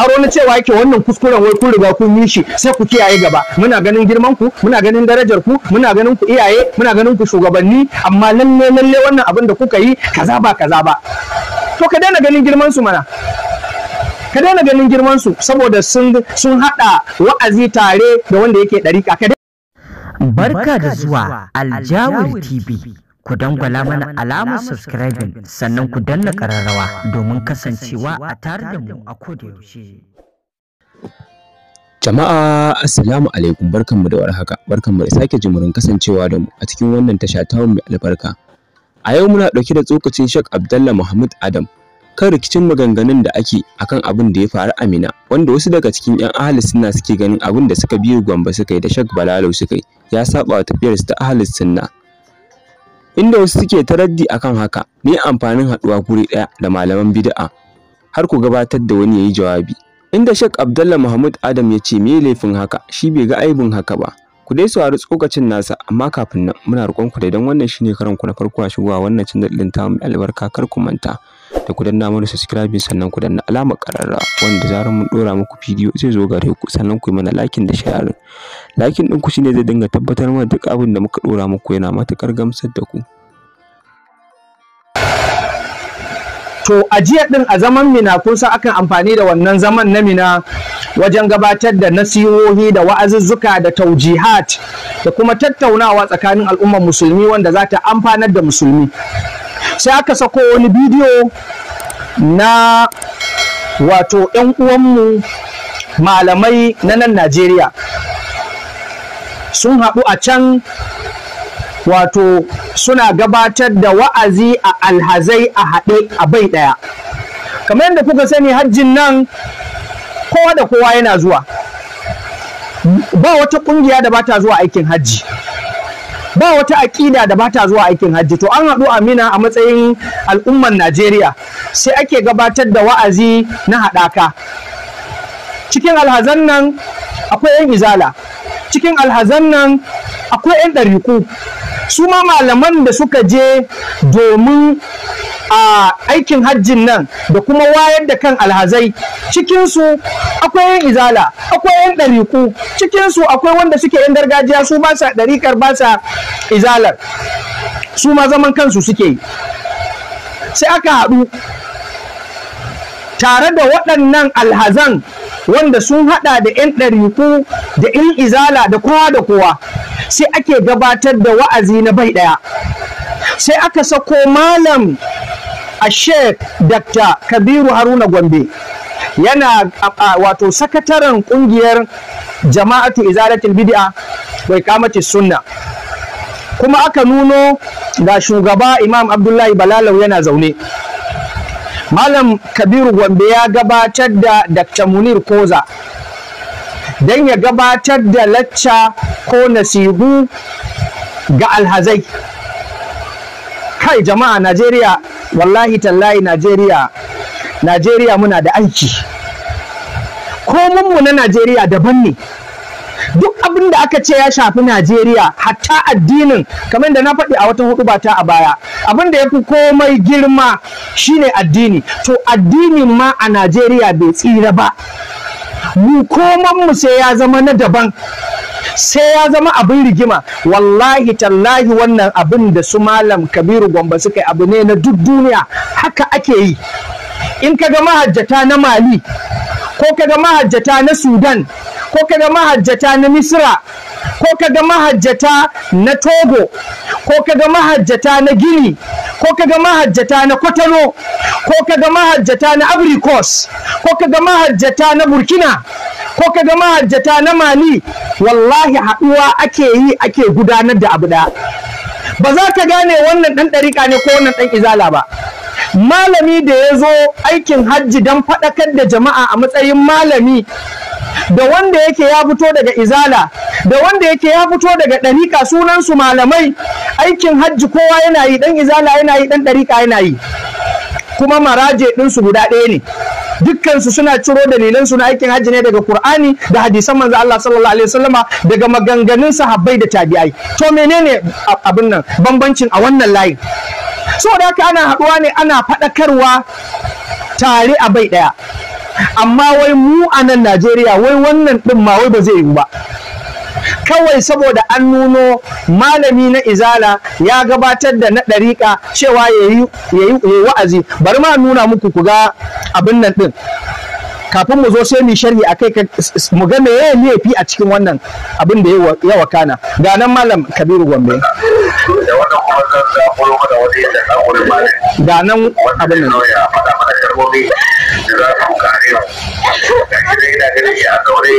aro na cewa yake wannan kuskuren wai kun riga kun yi shi sai ku kiyaye gaba muna ganin girman ku muna ganin darajar ku muna ganin ku iyaye muna ganin ku shugabanni amma lalle lalle wannan abin da kuka yi kaza ba kaza ba to ka daina ganin girman su mana ka daina ganin girman su saboda sun sun hada wa'azi tare da wanda yake dariƙa barka da zuwa aljawar tv ku dangwala mana alamar subscribing sannan ku danna ƙararrawa domin kasancewa a tare da mu a yaushe. Jama'a assalamu alaikum barkanmu da warhaka barkanmu da sake jimurin kasancewa da mu a cikin wannan tasha ta mai albarka. A yau muna ɗauke da tsokacin shak Abdallah Muhammad Adam kan rikicin maganganun da ake akan abin da ya faru Amina, wanda wasu daga cikin 'yan ahli sunna suke ganin abin da suka biyo Gwamba suka yi da shak Balalo suka yi ya saba wa tafiyarsu ta ahli sunna. inda wasu suke taraddi kan haka ne amfanin haɗuwa guri ɗaya da malaman bid'a har ku gabatar da wani yayi jawabi inda shek Abdullah Muhammad Adam ya ce me laifin haka shi bai ga aibin haka ba ku dai saurari tsokacin nasa amma kafin nan muna roƙon ku da idan wannan shine karan ku na farko a shigowa wannan cin din ta albarka kar ku manta da ku danna mana subscribing sannan ku danna alamar ƙararra wanda zarar mun ɗora muku bidiyo zai zo gare ku sannan ku yi mana liking da sharing liking ku shine zai dinga tabbatar mana duk abin da muka ɗora muku yana matuƙar gamsar da ku to ajiya din a zaman mina kun san akan amfani da wannan zaman na mina wajen gabatar da nasihohi da wa'azuzzuka da taujihat da kuma tattaunawa tsakanin al'ummar musulmi wanda za ta amfanar da musulmi sai aka sako wani bidiyo na wato 'yan uwanmu malamai na nan Najeriya sun haɗu a can wato suna gabatar da wa'azi a alhazai a haɗe a bai ɗaya kamar yadda kuka sani hajjin nan kowa da kowa yana zuwa ba wata ƙungiya da ba ta zuwa aikin hajji ba wata aƙida da bata zuwa aikin hajji to an haɗu amina a matsayin al'ummar najeriya sai ake gabatar da wa'azi na haɗaka cikin alhazan nan akwai 'yan izala cikin alhazan nan akwai 'yan ɗariku su ma malaman da suka je domin a aikin hajjin nan da kuma wayar da kan alhazai cikinsu akwai yan izala akwai yan ɗariku cikinsu akwai wanda suke yan gargajiya su ba sa ɗarikar ba sa izalar su ma zaman kansu suke yi sai aka haɗu tare da waɗannan alhazan wanda sun haɗa da 'yan ɗariku da 'yan izala da kowa da kowa sai ake gabatar da wa'azi na bai ɗaya sai aka sako malam a sheikh dr kabiru haruna gombe yana wato sakataren kungiyar jama'atu izaratul bid'a wai kamati sunna kuma aka nuno ga shugaba imam abdullahi balalau yana zaune malam kabiru gombe ya gabatar da dr munir koza don ya gabatar da lacca ko nasihu ga alhazai kai jama'a Najeriya wallahi tallahi Najeriya Najeriya muna da aiki mu na Najeriya daban ne duk abin da aka ce ya shafi Najeriya hatta addinin kamar da na faɗi a wata hudu bata a baya abin da ya fi komai girma shine addini to addinin ma a Najeriya bai tsira ba mu mu sai ya zama na daban sai ya zama abin rigima wallahi tallahi wannan abin da su malam kabiru gwamba suka yi abu ne na duk duniya haka ake yi in ka kaga mahajjata na mali ko ka kaga mahajjata na sudan ko ka kaga mahajjata na Misira, ko ka kaga mahajjata na togo ko ka kaga mahajjata na gini ko ka kaga mahajjata na kwatano ko ka kaga mahajjata na abrikos ko ka kaga mahajjata na burkina ko ka ga mahajjata na mali wallahi haɗuwa ake yi ake gudanar da abu ɗaya ba za ka gane wannan ɗan ɗarika ne ko wannan ɗan izala ba malami da ya zo aikin hajji don faɗakar da jama'a a matsayin malami da wanda yake ya fito daga izala da wanda yake ya fito daga ɗarika sunansu malamai aikin hajji kowa yana yi ɗan izala yana yi ɗan ɗarika yana yi kuma maraje ɗinsu guda ɗaya ne dukkansu suna ciro dalilan na aikin hajji ne daga Qur'ani da hadisan manzo Allah sallallahu alaihi wasallama daga maganganun sahabbai da tabi'ai to menene abin nan bambancin a wannan layin saboda haka ana haɗuwa ne ana faɗakarwa tare a bai ɗaya amma wai mu a nan Najeriya wai wannan ɗin ma wai ba zai yiwu ba kawai saboda an nuno malami na izala ya gabatar da na ɗariƙa cewa ya yi wa'azi bari ma nuna muku ku ga abin nan ɗin kafin mu zo sai mu sharhi kai mu ga me yayi laifi a cikin wannan abin da ya wakana ga nan malam Kabiru Gombe da zan da malam ga nan abin nan ya faɗa da za shirya da gari a daure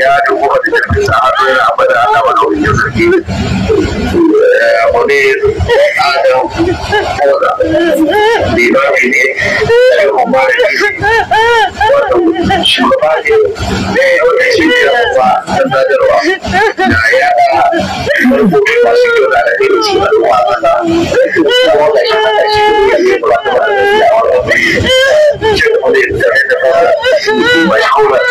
ya dubu a cikin bisa hannun abada na malaurin sarki wani adam koda limami ne da kuma da shi wata shugaba ne da ya wata shirya kuma da sadarwa da ya rubutu masu kyau da alaƙa da shi wata wata kuma da shi wata shi ne ya yi wata wata da wata wata ce kuma da ya Wait, hold it.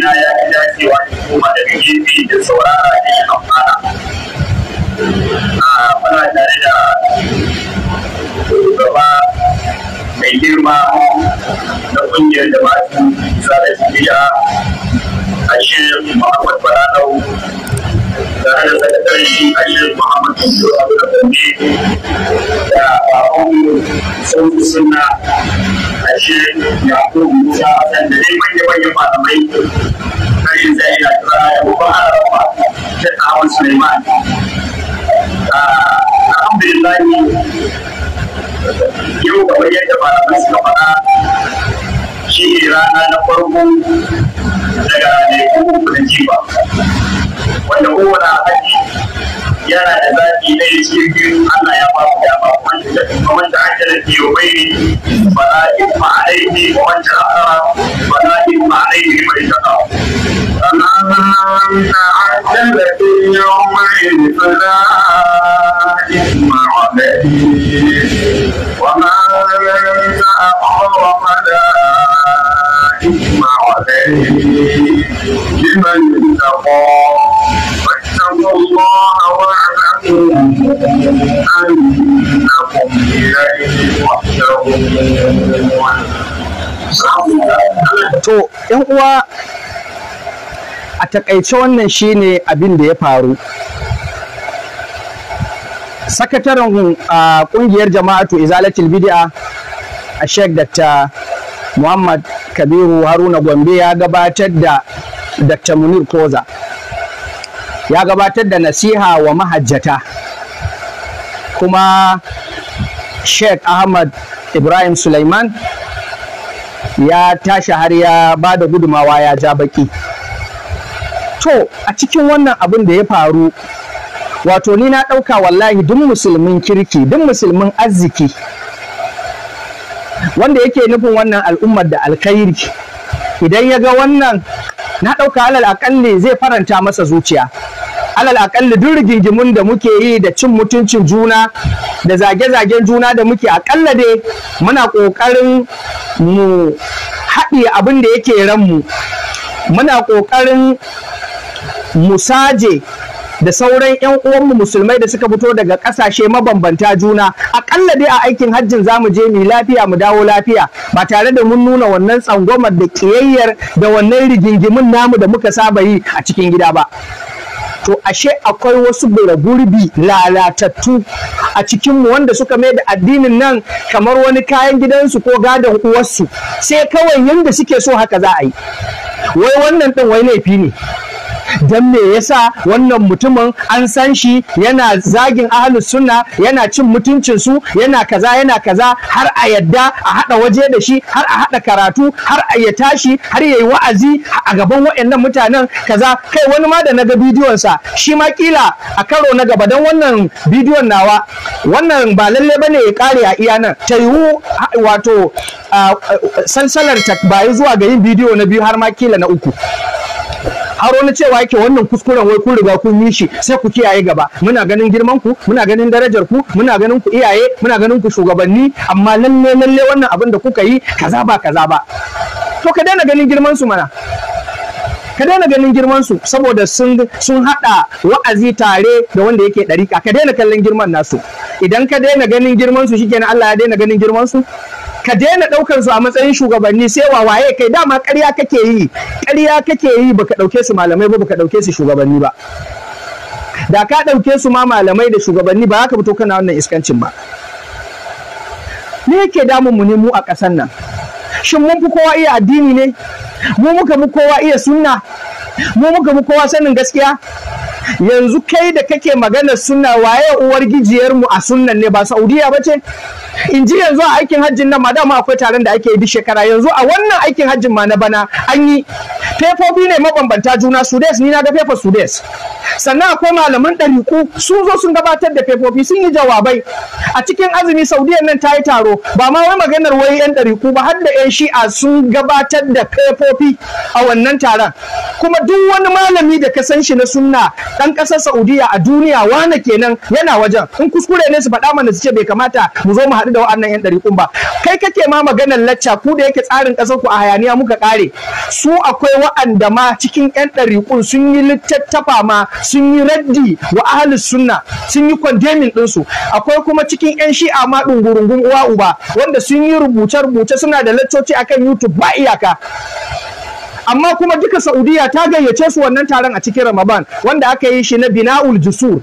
na ya fi dacewa da kuma da gefe da saurara ne da amfana ah, a fara tare da shugaba mai girma na kungiyar da masu zara biya a shirin muhammad baranau da hada sakatare a shirin muhammad kudu abu da bambe da babban sauki suna a shirin yakubu musa a sandare manya-manyan malamai Usman Suleiman. Ah, alhamdulillah yau kamar yadda malamai suka faɗa shi ne rana na farko daga lekun da jiba. Wanda kowane haji yana da zaɓi na ya ce Allah ya ba ku dama wanda wanda aka da ke bai ne ba za a yi ne wanda ba za a yi ne غلبت يومئذ فلا إثم عليه وما تأخر فلا إثم عليه لمن اتقى واتقوا الله واعلموا أنكم إليه تحشرون. To, ‘yan a takaice wannan shine abin da ya faru sakataren a kungiyar jama'atu izalatul bid'a a sheikh dr muhammad kabiru haruna gombe ya gabatar da dr munir koza ya gabatar da nasiha wa mahajjata kuma sheikh ahmad ibrahim Sulaiman ya tashi har ya ba da gudumawa ya ja baki to a cikin wannan abin da ya faru wato ni na ɗauka wallahi duk musulmin kirki duk musulmin arziki wanda yake nufin wannan al'ummar da alkhairi idan ya ga wannan na ɗauka alal aƙalli zai faranta masa zuciya alal aƙalli duk rigingimun da muke yi da cin mutuncin juna da zage-zagen juna da muke aƙalla dai muna ƙoƙarin mu haɗe abin da yake ranmu muna ƙoƙarin musaje da sauran 'yan uwanmu musulmai da suka fito daga ƙasashe mabambanta juna aƙalla dai a aikin hajjin za mu je mu lafiya mu dawo lafiya ba tare da mun nuna wannan tsangwamar da ƙiyayyar da wannan rigingimin namu da muka saba yi a cikin gida ba to ashe akwai wasu gurbi lalatattu a cikinmu wanda suka mai da addinin nan kamar wani kayan gidansu ko gadon uwarsu sai kawai yanda suke so haka za a yi wai wannan ɗin wai laifi ne dan me yasa wannan mutumin an san shi yana zagin ahlus sunna yana cin mutuncin su yana kaza yana kaza har a yadda a hada waje da shi har a hada karatu har a ya tashi har yayi wa'azi a gaban waɗannan mutanen kaza kai wani ma da naga bidiyon sa shi ma kila a karo na gaba dan wannan bidiyon nawa wannan ba lalle bane ya kare a iya nan ta yiwu wato sansalar ta bayi zuwa ga yin bidiyo na biyu har ma kila na uku aro na cewa yake wannan kuskuren wai kun riga kun yi shi sai ku kiyaye gaba muna ganin girman ku muna ganin darajar ku muna ganin ku iyaye muna ganin ku shugabanni amma lalle lalle wannan abin da kuka yi kaza ba kaza ba to ka daina ganin girman su mana ka daina ganin girman su saboda sun sun hada wa'azi tare da wanda yake ɗarika ka daina kallon girman nasu idan ka daina ganin girman su shikenan Allah ya daina ganin girman su ka daina ɗaukar su a matsayin shugabanni sai waye kai dama ƙarya kake yi ƙarya kake yi baka ɗauke su malamai ba baka ɗauke su shugabanni ba da ka ɗauke su ma malamai da shugabanni ba ka fito kana wannan iskancin ba me yake damun mu ne mu a ƙasar nan shin mun fi kowa iya addini ne mu muka mu kowa iya sunna mu muka mu kowa sanin gaskiya yanzu kai da kake maganar sunna waye uwar gijiyarmu a sunnan ne ba saudiya ba ce in ji yanzu a aikin hajjin nan ma dama akwai taron da ake yi duk shekara yanzu a wannan aikin hajjin ma na bana an yi fefofi ne mabambanta juna sudes ni na ga fefa sudes sannan akwai malaman ɗariku sun zo sun gabatar da fefofi sun yi jawabai a cikin azumi Saudiyya nan ta yi taro ba ma wai maganar wai yan ɗariku ba har da yan shi'a sun gabatar da fefofi a wannan taron kuma duk wani malami da ka san shi na sunna ɗan ƙasar Saudiyya a duniya wane kenan yana wajen in kuskure ne su faɗa mana su ce bai kamata mu zo mu haɗu da wa'annan yan ɗarikun ba kai kake ma maganar lacca ku da yake tsarin ƙasar ku a hayaniya muka ƙare su akwai wa'anda ma cikin yan ɗarikun sun yi littattafa ma sun yi raddi wa ahlus sunna sun yi condemning ɗinsu akwai kuma cikin 'yan shi'a ma ɗungurungun uwa uba wanda sun yi rubuce-rubuce suna da laccoci akan youtube ba iyaka amma kuma duka saudiya ta gayyace su wannan taron a cikin ramadan wanda aka yi shi na bina'ul jusur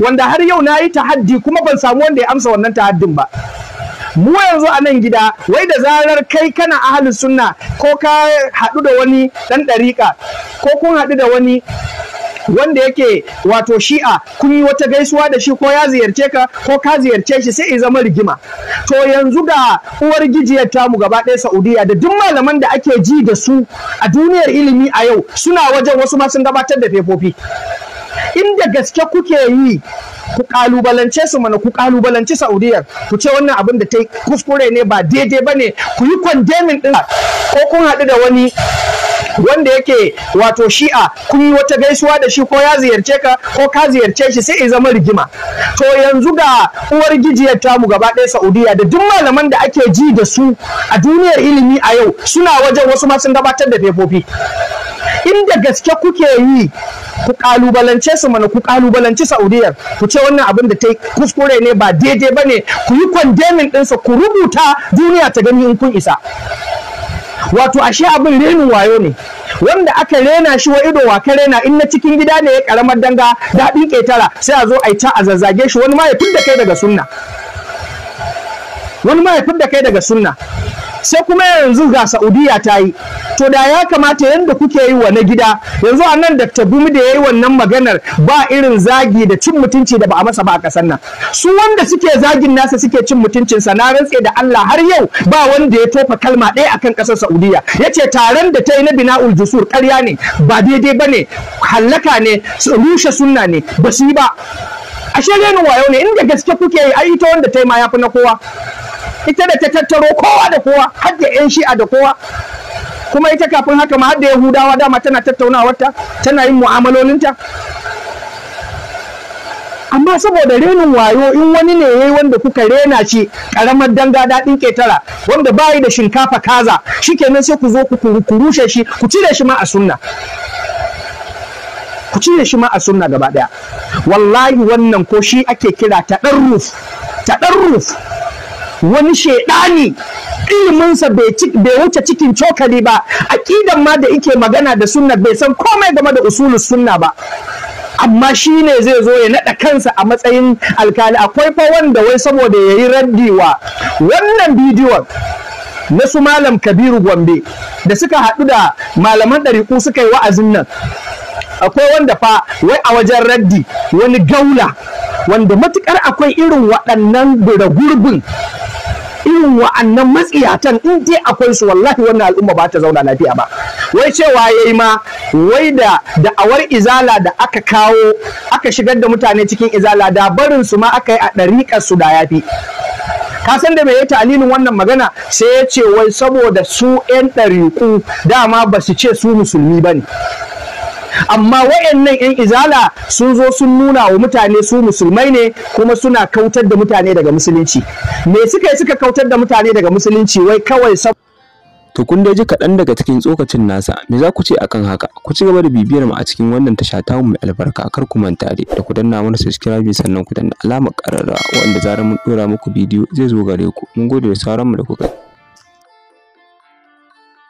wanda har yau na yi tahaddi kuma ban samu wanda ya amsa wannan tahaddin ba mu yanzu a nan gida wai da zarar kai kana ahalin sunna ko ka haɗu da wani ɗan ɗariƙa ko kun haɗu da wani wanda yake wato shi'a kun yi wata gaisuwa da shi ko ya ziyarce ka ko ka ziyarce shi sai ya zama rigima to yanzu ga uwar gijiyar tamu gaba ɗaya Saudiya da duk malaman da ake ji da su a duniyar ilimi a yau suna wajen wasu ma sun gabatar da fefofi inda gaske kuke yi ku kalubalance su mana ku kalubalanci Saudiya ku ce wannan abin da ta yi kuskure ne ba daidai ba ne ku yi kwandemin din ko kun haɗu da wani wanda yake wato shi'a kun yi wata gaisuwa da shi ko ya ziyarce ka ko ka ziyarce shi sai ya zama rigima to yanzu ga uwar gijiyar tamu gaba ɗaya Saudiya da duk malaman da ake ji da su a duniyar ilimi a yau suna wajen wasu ma sun gabatar da fefofi inda gaske kuke yi ku kalubalance su mana ku kalubalanci saudiyar ku ce wannan abin da ta yi kuskure ne ba daidai ba ne ku yi kwandemin ɗinsa ku rubuta duniya ta gani in kun isa wato ashe abin renin wayo ne wanda aka rena shi wa ido wa ka rena in na cikin gida ne ya karamar danga daɗin ƙetara sai a zo a yi ta a zazzage shi wani ma ya fidda kai daga sunna wani ma ya fidda kai daga sunna sai kuma yanzu ga Saudiya ta yi to da ya kamata yadda kuke yi wa na gida yanzu a nan da gumi da yayi wannan maganar ba irin zagi da cin mutunci da ba a masa ba a kasar nan su wanda suke zagin nasa suke cin mutuncin sa na rantse da Allah har yau ba wanda ya tofa kalma ɗaya akan kasar Saudiya yace taron da ta yi na bina'ul jusur ƙarya ne ba daidai bane hallaka ne rushe sunna ne ba su yi ba ashe renin wayo ne inda gaske kuke yi ai ita wanda ta yi ma yafi na kowa ita da ta tattaro kowa da kowa har da yan shi'a da kowa kuma ita kafin haka ma har da yahudawa dama tana tattaunawarta tana yin mu'amalolinta amma saboda renin wayo in wani ne yayi wanda kuka rena shi karamar danga daɗin ƙetara wanda bayi da shinkafa kaza shikenan sai ku zo ku rushe shi ku cire shi ma a sunna ku cire shi ma a sunna gaba ɗaya wallahi wannan ko shi ake kira ta ruf ɗan ruf wani shedani iliminsa bai wuce cikin cokali ba aqidan ma da yake magana da sunna bai san komai game da usulus sunna ba amma shi ne zai zo ya naɗa kansa a matsayin alkali akwai fa wanda wai saboda ya yi raddi wa wannan bidiyon na su malam kabiru gombe da suka haɗu da malaman ɗariƙu suka yi wa'azin nan akwai wanda fa wai a wajen raddi wani gaula wanda matukar akwai irin waɗannan gurbin irin wa'annan matsiyatan in dai akwai su wallahi wannan al'umma ba ta zauna lafiya ba wai cewa yayi ma wai da da'awar izala da aka kawo aka shigar da mutane cikin izala da barin su ma aka yi a ɗariƙar su da yafi ka san da me ya talilin wannan magana sai ya ce wai saboda su 'yan ɗariƙu dama ba su ce su musulmi ba ne amma wayannan yan izala sun zo sun nuna wa mutane su musulmai ne kuma suna kautar da mutane daga musulunci me suka yi suka kautar da mutane daga musulunci wai kawai sab to kun dai ji kaɗan daga cikin tsokacin nasa me za ku ce akan haka ku ci gaba da bibiyar mu a cikin wannan tasha ta mu mai albarka kar ku manta dai da ku danna mana subscribe sannan ku danna alamar ƙararrawa wanda zarar mun dora muku bidiyo zai zo gare ku mun gode da sauran mu da kuka